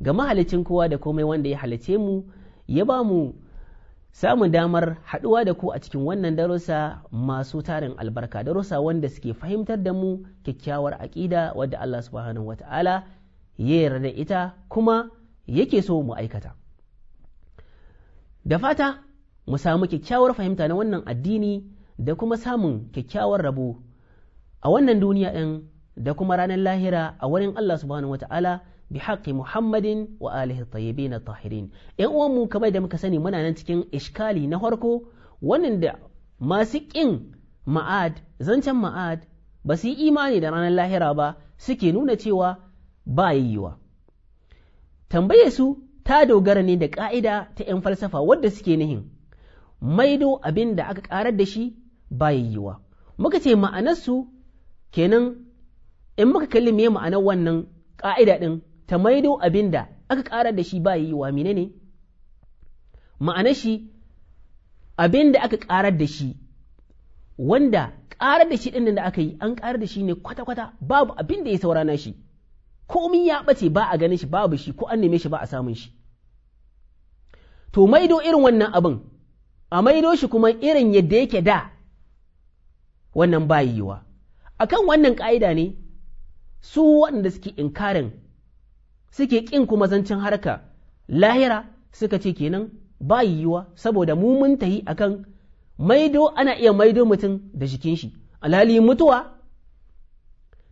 ga mahalicin kowa da komai wanda ya halice mu ya ba mu samun damar haɗuwa da ku a cikin wannan darussa masu tarin albarka darussa wanda suke fahimtar da mu kyakkyawar aƙida wadda Allah subhanahu wata'ala ya yarda ita kuma yake so mu aikata da fata mu samu kyakkyawar fahimta na wannan addini da kuma samun kyakkyawar rabo a wannan duniya ɗin da kuma ranar lahira a wurin Allah subhanahu wata'ala bi haƙi Muhammadin wa alihi tayyibin tahirin 'yan uwan mu kamar da muka sani muna nan cikin iskali na farko wannan da masu ƙin ma'ad zancen ma'ad ba su yi imani da ranar lahira ba suke nuna cewa ba yiwa tambaye su ta dogara ne da ƙa'ida ta ‘yan falsafa wadda suke nihin, maido abin da aka ƙarar da shi ba yiwa. Muka ce ma'anarsu kenan in muka kalli me ma'anar wannan ƙa'ida ɗin ta maido abin da aka ƙarar da shi ba yi wa menene ma'ana shi abin da aka ƙarar da shi wanda ƙara da shi ɗin da aka yi an ƙarar da shi ne kwata-kwata babu abin da ya saurana shi komi ya ɓace ba a ganin shi babu shi ko an neme shi ba a samun shi to maido irin wannan abin a maido shi kuma irin yadda yake da wannan ba akan wannan ƙa'ida ne su waɗanda suke inkarin suke ƙin kuma zancen harka lahira suka ce kenan ba yiwuwa saboda mu mun tahi akan maido ana iya maido mutum da jikin shi alhali mutuwa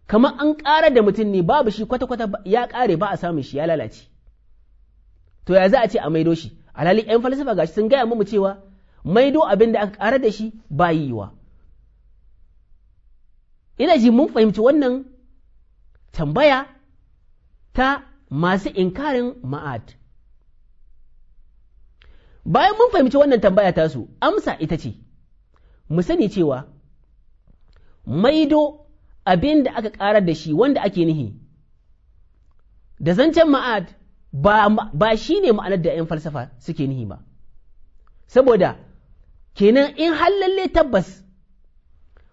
kamar an ƙara da mutum ne babu shi kwata-kwata ya ƙare ba a samun shi ya lalace to ya za a ce a maido shi alhali 'yan falsafa gashi sun gaya mu cewa maido abin da aka ƙara da shi ba yiwa ina ji mun fahimci wannan tambaya ta masu inkarin ma'at bayan mun fahimci wannan tambaya tasu amsa ita ce mu sani cewa maido abin da aka ƙarar da shi wanda ake nihi da zancen ma'ad ba shi ne ma'anar da 'yan falsafa suke nihi ba saboda kenan in halalle tabbas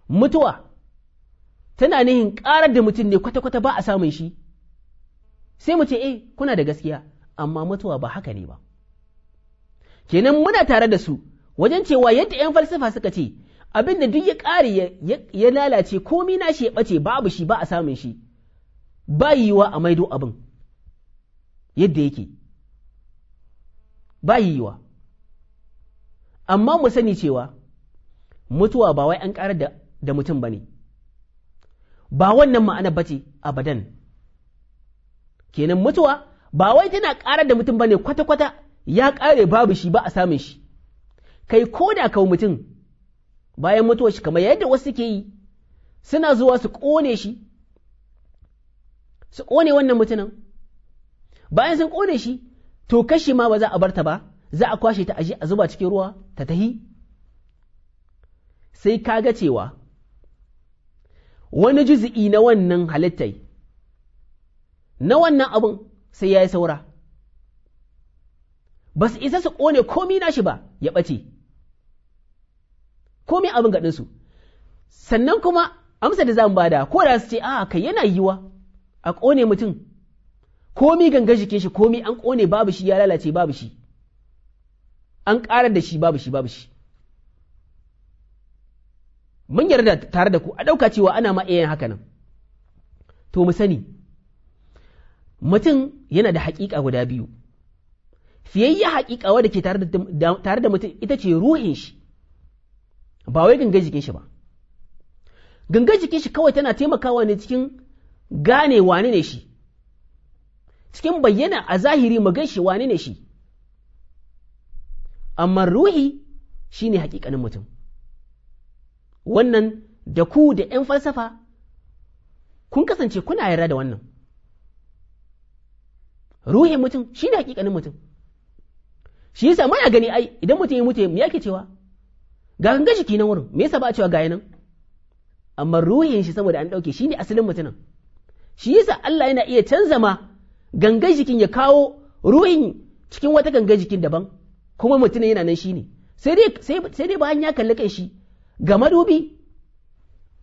mutuwa tana nihin ƙarar da mutum ne kwata-kwata ba a samun shi sai mu ce eh kuna da gaskiya amma mutuwa ba haka ne ba kenan muna tare da su wajen cewa yadda 'yan falsafa suka ce abin da duk ya ƙare ya lalace komi na shi ya bace babu shi ba a samun shi ba yiwa a maido abin yadda yake ba yiwa amma mu sani cewa mutuwa ba wai an ƙarar da mutum ba ne ba wannan ma'ana bace abadan kenan mutuwa ba wai tana ƙarar da mutum bane kwata-kwata ya ƙare babu shi ba a samun shi kai ko da kawo mutum bayan mutuwa shi kamar yadda wasu ke yi suna zuwa su ƙone shi su ƙone wannan mutumin bayan sun ƙone shi to kashi ma ba za a barta ba za a kwashe ta aji a zuba cikin ruwa ta tahi sai kaga cewa wani juzi'i na wannan halittai na wannan abin sai ya yi saura ba su isa su ƙone komi nashi ba ya ɓace komi abin gaɗinsu sannan kuma amsa da zan bada ko da su ce a kai yana yiwa a ƙone mutum komi ganga jikin shi komi an ƙone babu shi ya lalace babu shi an ƙarar da shi babu shi babu shi mun yarda tare da ku a ɗauka cewa ana ma iya yin haka nan to mu sani mutum yana da haƙiƙa guda biyu fiyayya haƙiƙa wadda ke tare da mutum ita ce ruhin shi ba wai ganga jikin shi ba ganga jikin shi kawai tana taimakawa ne cikin gane wane ne shi cikin bayyana a zahiri magan shi wane ne shi amma ruhi shine haƙiƙanin mutum wannan da ku da ‘yan falsafa kun kasance kuna yara da wannan ruhin mutum shi ne hakikanin mutum shi yasa muna gani ai idan mutum ya mutu me yake cewa ga ganga jiki na wurin me yasa ba a cewa ga nan amma ruhin shi saboda an dauke shi ne asalin mutumin shi yasa Allah yana iya canza ma gangan jikin ya kawo ruhin cikin wata gangan jikin daban kuma mutumin yana nan shi ne sai dai bayan ya kalli kan shi ga madubi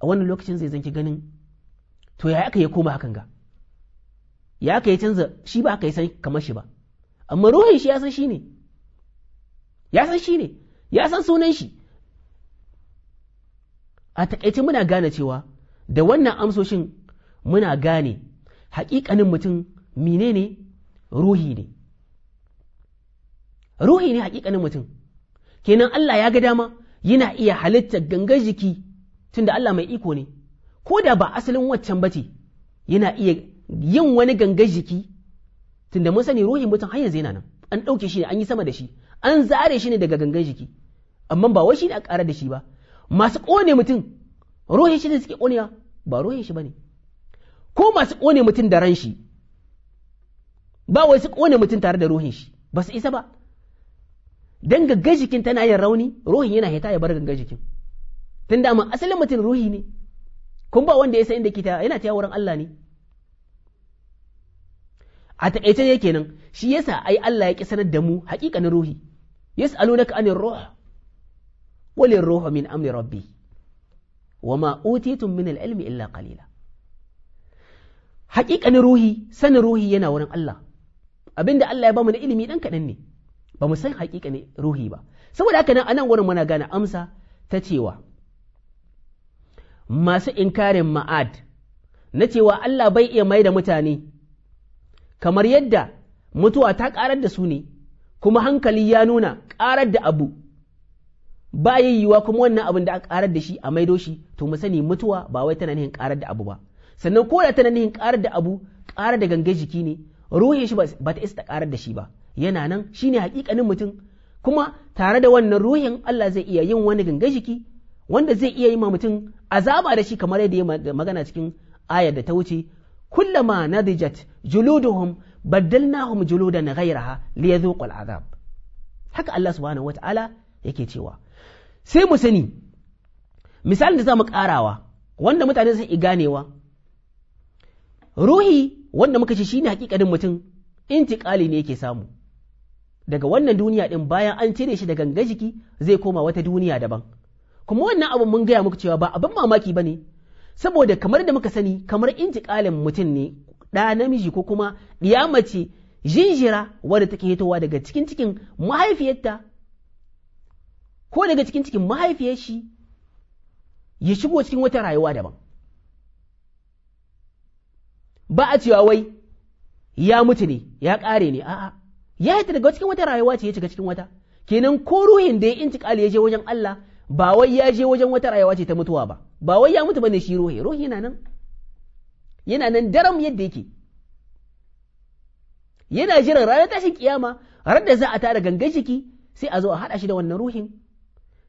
a wannan lokacin zai zanki ganin to ya aka ya koma hakan ga ya ka yi canza shi ba ka yi san kamar shi ba amma ruhin shi ya san shi ne ya san shi ne ya san sunan shi a takaice muna gane cewa da wannan amsoshin muna gane hakikanin mutum mine ne ruhi ne ruhi ne hakikanin mutum kenan Allah ya ga dama yana iya halittar gangar jiki tunda Allah mai iko ne ko da ba asalin waccan bace yana iya yin wani gangan jiki tunda mun sani ruhin mutum har yanzu yana nan an ɗauke shi ne an yi sama da shi an zare shi ne daga gangan jiki amma ba wai shi ne a ƙara da shi ba masu ƙone mutum ruhin shi ne suke ƙonewa ba ruhin shi ba ne ko masu ƙone mutum da ran shi ba wai su ƙone mutum tare da ruhin shi ba su isa ba dan gangan jikin tana yin rauni ruhin yana hita ya bar gangan jikin tun da asalin mutum ruhi ne kun ba wanda ya san inda ke ta yana ta wurin Allah ne a takaice ne kenan shi yasa ai Allah ya ki sanar da mu haƙiƙanin ruhi yas'alunaka anir ruh walir ruhu min amri rabbi wama utitum min al-ilmi illa qalila haƙiƙanin ruhi sanin ruhi yana wurin Allah abinda Allah ya mu na ilimi dan kaɗan ne ba mu san haƙiƙanin ruhi ba saboda haka nan anan wurin muna gane amsa ta cewa masu inkarin ma'ad na cewa Allah bai iya mai da mutane kamar yadda mutuwa ta ƙarar da su ne kuma hankali ya nuna ƙarar da abu ba yiwuwa kuma wannan abin da aka ƙarar da shi a maido shi to mu sani mutuwa ba wai tana nihin ƙarar da abu ba sannan ko da tana nihin ƙarar da abu ƙarar da gangan jiki ne ruhin shi ba ta isa ƙarar da shi ba yana nan shi ne haƙiƙanin mutum kuma tare da wannan ruhin Allah zai iya yin wani gangan jiki wanda zai iya yi ma mutum azaba da shi kamar yadda ya magana cikin ayar da ta wuce na كلما نضجت جلودهم بدلناهم جلودا غيرها ليذوقوا العذاب haka Allah su subhanahu wata'ala yake cewa sai mu sani misalin da za mu karawa wanda mutane sun i ganewa ruhi wanda muka ce shine hakikanin mutum intiƙali ne yake samu daga wannan duniya din bayan an cire shi da gangan jiki zai koma wata duniya daban kuma wannan abin mun gaya muka cewa ba abin mamaki bane saboda kamar da muka sani kamar intiƙalin mutum ne ɗa namiji ko kuma ɗiya mace jinjira wadda take hitowa daga cikin cikin mahaifiyarta ko daga cikin cikin mahaifiyar shi ya shigo cikin wata rayuwa daban ba a cewa wai ya mutu ne ya ƙare ne a'a ya hita daga cikin wata rayuwa ce ya shiga cikin wata kenan ko ruhin da ya intiƙali ya je wajen Allah ba wai ya je wajen wata rayuwa ce ta mutuwa ba ba wai ya mutu bane shi ruhi. Ruhi yana nan yana nan daram yadda yake yana jiran ranar tashin kiyama har da za a tara gangan jiki sai a zo a haɗa shi da wannan ruhin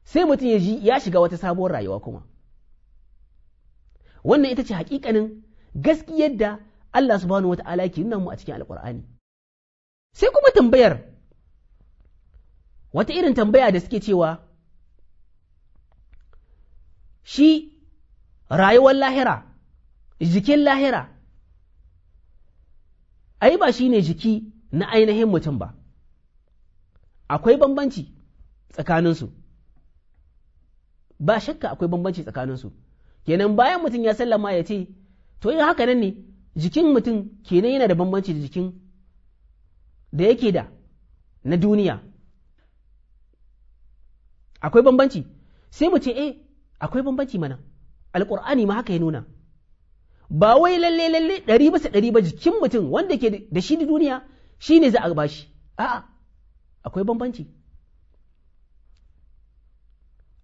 sai mutum ya ji ya shiga wata sabuwar rayuwa kuma wannan ita ce hakikanin gaskiyar da Allah subhanahu wata'ala ke nuna mu a cikin alkur'ani sai kuma tambayar wata irin tambaya da suke cewa shi rayuwar lahira jikin lahira ai ba shi ne jiki na ainihin mutum ba akwai bambanci tsakaninsu ba shakka akwai bambanci tsakaninsu kenan bayan mutum ya sallama ya ce to yin haka nan ne jikin mutum kenan yana da bambanci da jikin da yake da na duniya akwai bambanci sai mu ce eh akwai bambanci mana alƙur'ani ma haka ya nuna ba wai lalle lalle ɗari bisa ɗari ba jikin mutum wanda ke da shi duniya shi ne za a shi. a'a akwai bambanci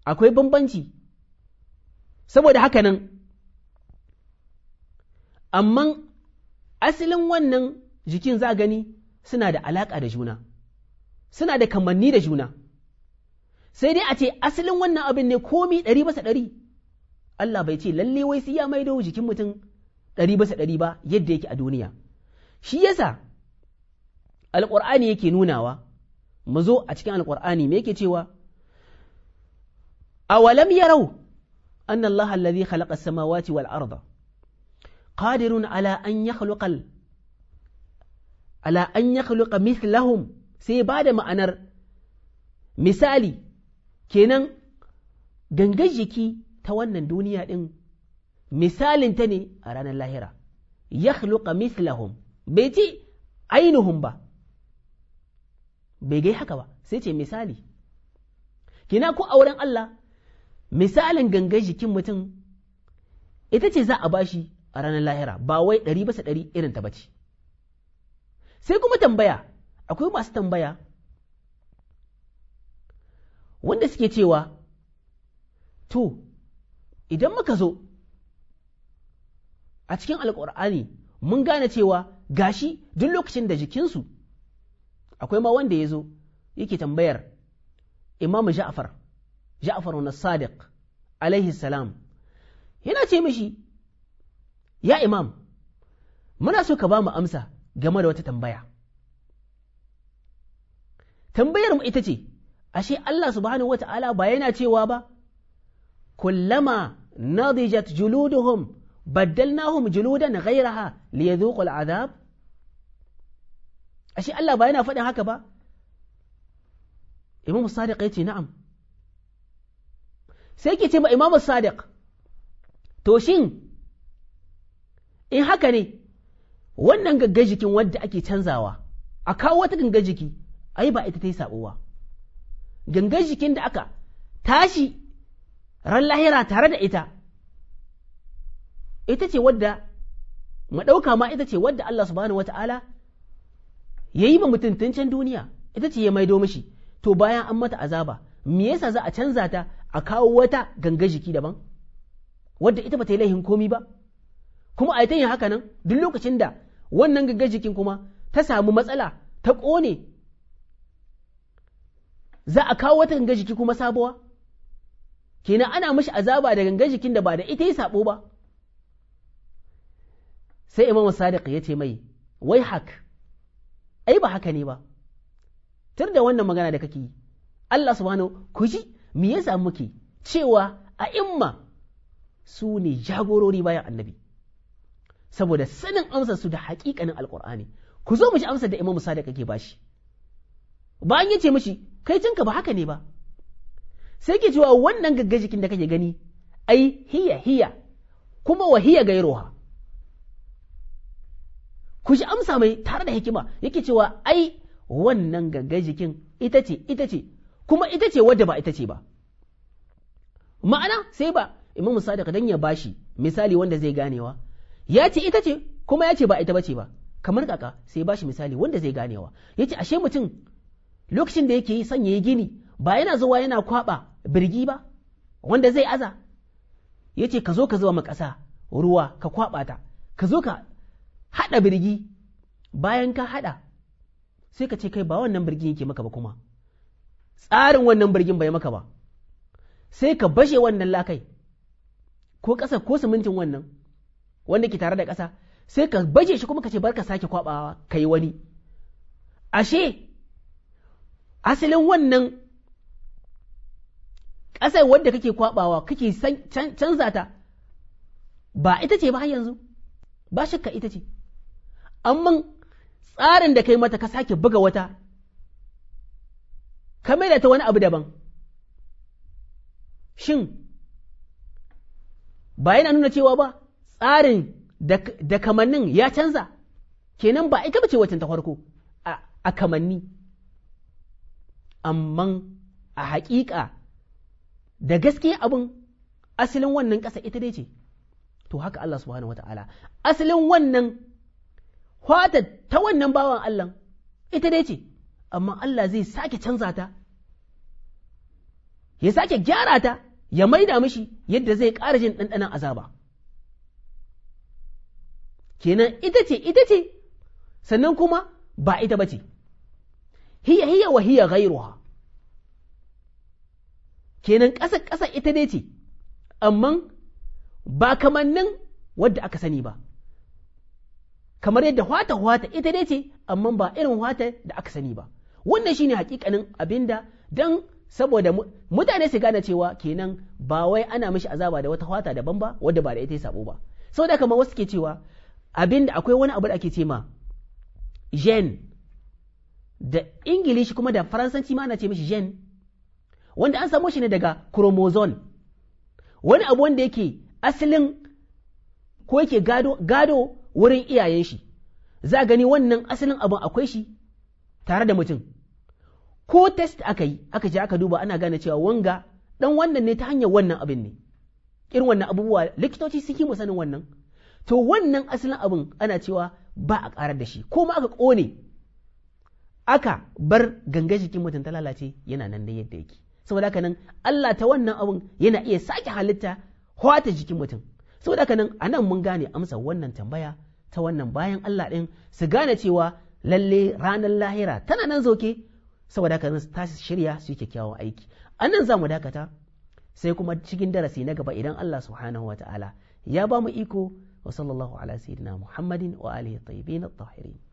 akwai bambanci saboda haka nan amma asalin wannan jikin za gani suna da alaƙa da juna suna da kamanni da juna sai dai a ce asalin wannan abin ne komi ɗari basa ɗari Allah bai ce lalle wai sai ya maido jikin mutum ɗari basa ɗari ba yadda yake a duniya shi yasa alƙur'ani yake nunawa mu zo a cikin alƙur'ani me yake cewa awalam yarau anna Allah alladhi khalaqa samawati wal arda qadirun ala an yakhluqa ala an yakhluqa mithlahum sai ba da ma'anar misali kenan gangan jiki ta wannan duniya ɗin ta ne a ranar lahira ya mislahum bai ce ainihin ba bai gai haka ba sai ce misali kina ko wurin Allah misalin gangan jikin mutum ita ce za a bashi a ranar lahira ba wai ɗari basa ɗari irin ta bace sai kuma tambaya akwai masu tambaya wanda suke cewa to idan muka zo a cikin alkur'ani mun gane cewa gashi duk lokacin da jikinsu akwai ma wanda ya zo yake tambayar imamu ja'far ja'far na sadiq alaihi salam yana ce mishi ya imam muna so ka ba mu amsa game da wata tambaya tambayar mu ita ce ashe Allah subhanahu Ta'ala ba yana cewa ba kullama nadijat juluduhum baddalnahum juludan ghayraha liyadhuqu al'adab ashe Allah ba yana faɗin haka ba Imam Sadiq ya na'am sai ke ce ma Imam Sadiq to shin in haka ne wannan gaggajikin wadda ake canzawa a kawo wata gangar jiki ai ba ita ta yi saɓowa gangar jikin da aka tashi ran lahira tare da ita ita ce wadda madauka ma ita ce wadda Allah subhanahu wata'ala ya yi ba mutuntuncin duniya ita ce ya maido mishi to bayan an mata azaba me yasa za a canza ta a kawo wata ganga jiki daban wadda ita ba ta yi laihin komi ba kuma a yi haka nan duk lokacin da wannan gangan jikin kuma ta samu matsala ta ƙone za a kawo wata ganga jiki kuma sabuwa kenan ana mashi azaba da ganga jikin da ba da ita ya sabo ba sai Imam sadiq ya ce mai wai hak ai ba haka ne ba tur da wannan magana da kake yi Allah subhanahu ku ji me samu ke cewa a imma su ne jagorori bayan annabi saboda sanin amsar su da haƙiƙanin alƙur'ani ku zo mu ji amsar da Imam sadiq ke bashi ba an yace mishi kai cinka ba haka ne ba sai ke cewa wannan gagga jikin da kake gani ai hiya hiya kuma wa hiya gairoha ku ji amsa mai tare da hikima yake cewa ai wannan gagga jikin ita ce ita ce kuma ita ce wadda ba ita ce ba ma'ana sai ba imam sadiq dan ya bashi misali wanda zai ganewa ya ce ita ce kuma ya ce ba ita bace ba kamar kaka sai bashi misali wanda zai ganewa ya ce ashe mutum lokacin da yake yi sanya ya gini ba yana zuwa yana kwaba birgi ba wanda zai aza ya ce ka zo ka zuba ma ƙasa ruwa ka kwaba ta ka zo ka haɗa birgi bayan ka haɗa sai ka ce kai ba wannan birgin yake maka ba kuma tsarin wannan birgin bai maka ba sai ka bashe wannan lakai ko ƙasa ko simintin wannan wanda ke tare da kasa sai ka baje shi kuma ka ce barka sake kwabawa ka yi wani ashe asalin wannan ƙasar wadda kake kwabawa kake canza ta ba ita ce ba yanzu ba shakka ita ce amma tsarin da kai mata ka sake buga wata ka maida ta wani abu daban shin ba yana nuna cewa ba tsarin da kamannin ya canza kenan ba ita bace watan ta farko a kamanni amma a haƙiƙa da gaske abin asalin wannan ƙasa ita dai ce to haka Allah subhanahu wata'ala asalin wannan hwata ta wannan bawan Allah ita dai ce amma Allah zai sake canza ta ya sake gyara ta ya maida mishi yadda zai ƙara jin ɗanɗanon azaba kenan ita ce ita ce sannan kuma ba ita ba ce hiya hiya wa hiya kenan ƙasa ƙasa ita dai ce amma ba nan wadda aka sani ba kamar yadda hwata hwata ita ce amma ba irin hwata da aka sani ba wannan shine hakikanin abinda dan saboda mutane su gane cewa kenan ba wai ana mishi azaba da wata hwata daban ba wadda ba da ita ya sabo ba saboda kamar wasu ke cewa abinda akwai wani abu da ake ce ma gen da ingilishi kuma da faransanci ma ana ce mishi gen wanda an samo shi ne daga chromosome wani abu wanda yake asalin ko yake gado, gado wurin iyayen shi za gani wannan asalin abin akwai shi tare da mutum ko test aka yi aka je aka duba ana gane cewa wanga dan wannan ne ta hanyar wannan abin ne irin wannan abubuwa likitoci sun yi sanin wannan to wannan asalin abin ana cewa ba a ƙarar da shi ko ma aka ƙone aka bar ganga jikin mutum ta lalace yana nan dai yadda yake saboda haka nan Allah ta wannan abun yana iya sake halitta hwata jikin mutum saboda haka nan anan mun gane amsa wannan tambaya ta wannan bayan Allah din su gane cewa lalle ranar lahira tana nan zoke saboda haka nan ta shirya su yi kyakkyawan aiki anan za mu dakata sai kuma cikin darasi na gaba idan Allah subhanahu wataala ya ba mu iko wa sallallahu ala sayyidina Muhammadin wa alihi tayyibin at-tahirin